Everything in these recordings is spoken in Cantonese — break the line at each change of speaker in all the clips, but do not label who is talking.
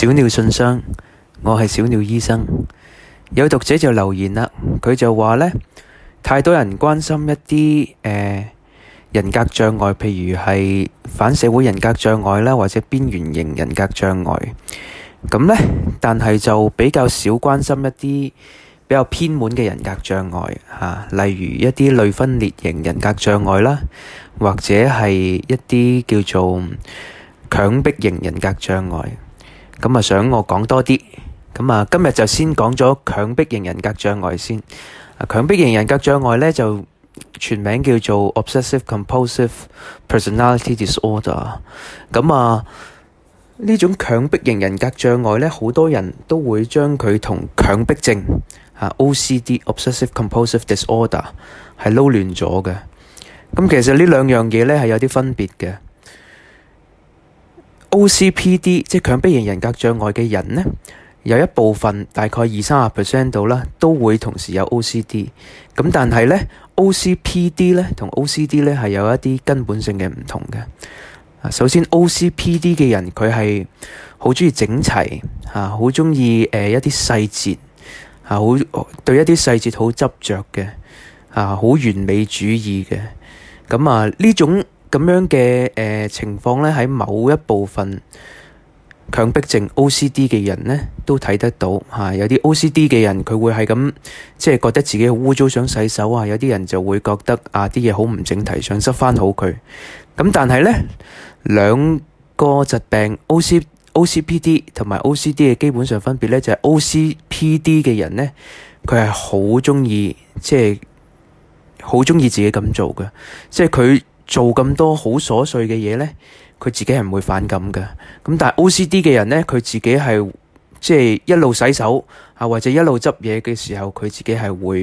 小鳥信箱，我係小鳥醫生。有讀者就留言啦，佢就話呢，太多人關心一啲誒、呃、人格障礙，譬如係反社會人格障礙啦，或者邊緣型人格障礙。咁呢，但係就比較少關心一啲比較偏門嘅人格障礙吓、啊，例如一啲類分裂型人格障礙啦，或者係一啲叫做強迫型人格障礙。咁啊，想我講多啲。咁啊，今日就先講咗強迫型人格障礙先。啊，強迫型人格障礙咧，就全名叫做 Obsessive-Compulsive Personality Disorder。咁啊，呢種強迫型人格障礙咧，好多人都會將佢同強迫症啊 OCD (Obsessive-Compulsive Disorder) 係撈亂咗嘅。咁其實呢兩樣嘢咧，係有啲分別嘅。OCPD 即係強迫型人格障礙嘅人呢，有一部分大概二三十 percent 度啦，都會同時有 OCD。咁但係呢，OCPD 呢同 OCD 呢係有一啲根本性嘅唔同嘅。首先 OCPD 嘅人佢係好鍾意整齊，吓好鍾意誒一啲細節，吓、啊、好對一啲細節好執着嘅，吓、啊、好完美主義嘅。咁啊呢種。咁樣嘅誒情況咧，喺某一部分強迫症 （O C D） 嘅人咧，都睇得到吓，啊。有啲 O C D 嘅人，佢會係咁，即係覺得自己好污糟，想洗手啊。有啲人就會覺得啊，啲嘢好唔整齊，想執翻好佢。咁但係咧，兩個疾病 O C、O C P D 同埋 O C D 嘅基本上分別咧，就係 O C P D 嘅人咧，佢係好鍾意即係好鍾意自己咁做嘅，即係佢。做咁多好瑣碎嘅嘢呢，佢自己係唔會反感嘅。咁但係 OCD 嘅人呢，佢自己係即係一路洗手啊，或者一路執嘢嘅時候，佢自己係會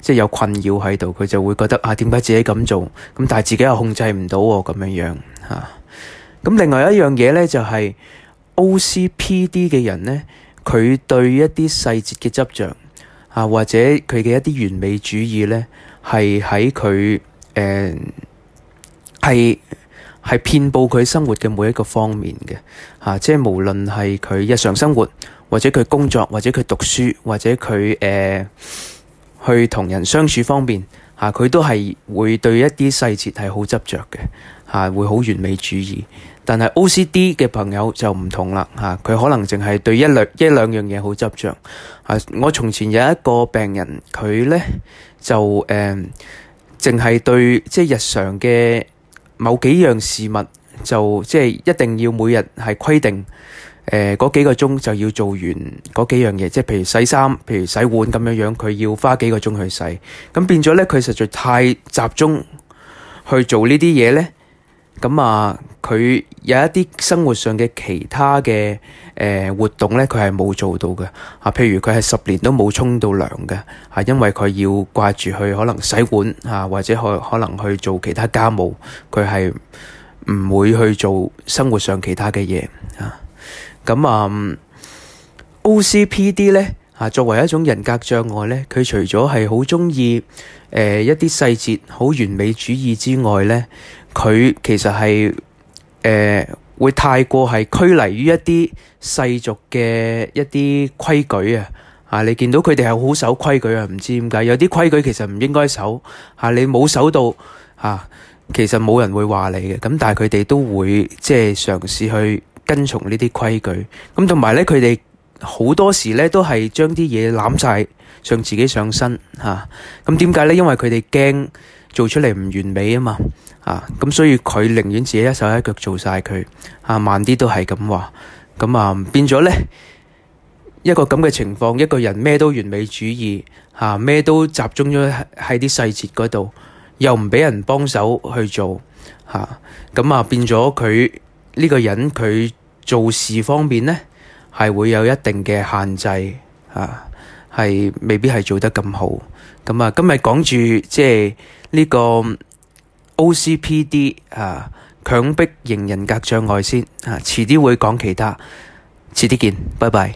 即係、就是、有困擾喺度，佢就會覺得啊，點解自己咁做？咁但係自己又控制唔到喎，咁樣樣嚇。咁、啊、另外一樣嘢呢，就係、是、OCPD 嘅人呢，佢對一啲細節嘅執着，啊，或者佢嘅一啲完美主義呢，係喺佢誒。欸係係遍佈佢生活嘅每一個方面嘅吓、啊，即係無論係佢日常生活，或者佢工作，或者佢讀書，或者佢誒、呃、去同人相處方面吓，佢、啊、都係會對一啲細節係好執着嘅吓，會好完美主義。但係 OCD 嘅朋友就唔同啦吓，佢、啊、可能淨係對一兩一兩樣嘢好執着吓。我從前有一個病人，佢咧就誒淨係對即係日常嘅。某幾樣事物就即係一定要每日係規定，誒、呃、嗰幾個鐘就要做完嗰幾樣嘢，即係譬如洗衫、譬如洗碗咁樣樣，佢要花幾個鐘去洗，咁變咗咧，佢實在太集中去做呢啲嘢咧，咁啊～佢有一啲生活上嘅其他嘅，誒活動咧，佢係冇做到嘅啊。譬如佢係十年都冇沖到涼嘅，啊，因為佢要掛住去可能洗碗啊，或者去可能去做其他家務，佢係唔會去做生活上其他嘅嘢啊。咁啊，嗯，O C P D 咧啊，作為一種人格障礙咧，佢除咗係好中意誒一啲細節好完美主義之外咧，佢其實係，誒、呃，會太過係拘泥於一啲世俗嘅一啲規矩啊！啊，你見到佢哋係好守規矩啊，唔知點解有啲規矩其實唔應該守。吓、啊，你冇守到，吓、啊，其實冇人會話你嘅。咁但係佢哋都會即係嘗試去跟從呢啲規矩。咁同埋咧，佢哋好多時咧都係將啲嘢攬晒上自己上身。吓、啊，咁點解咧？因為佢哋驚。做出嚟唔完美啊嘛，啊咁所以佢寧願自己一手一腳做晒佢，啊慢啲都係咁話，咁啊變咗咧一個咁嘅情況，一個人咩都完美主義，吓、啊、咩都集中咗喺啲細節嗰度，又唔畀人幫手去做，吓咁啊，啊變咗佢呢個人佢做事方面咧係會有一定嘅限制啊。係未必係做得咁好，咁啊今日講住即係呢個 OCPD 啊，強迫型人格障礙先啊，遲啲會講其他，遲啲見，拜拜。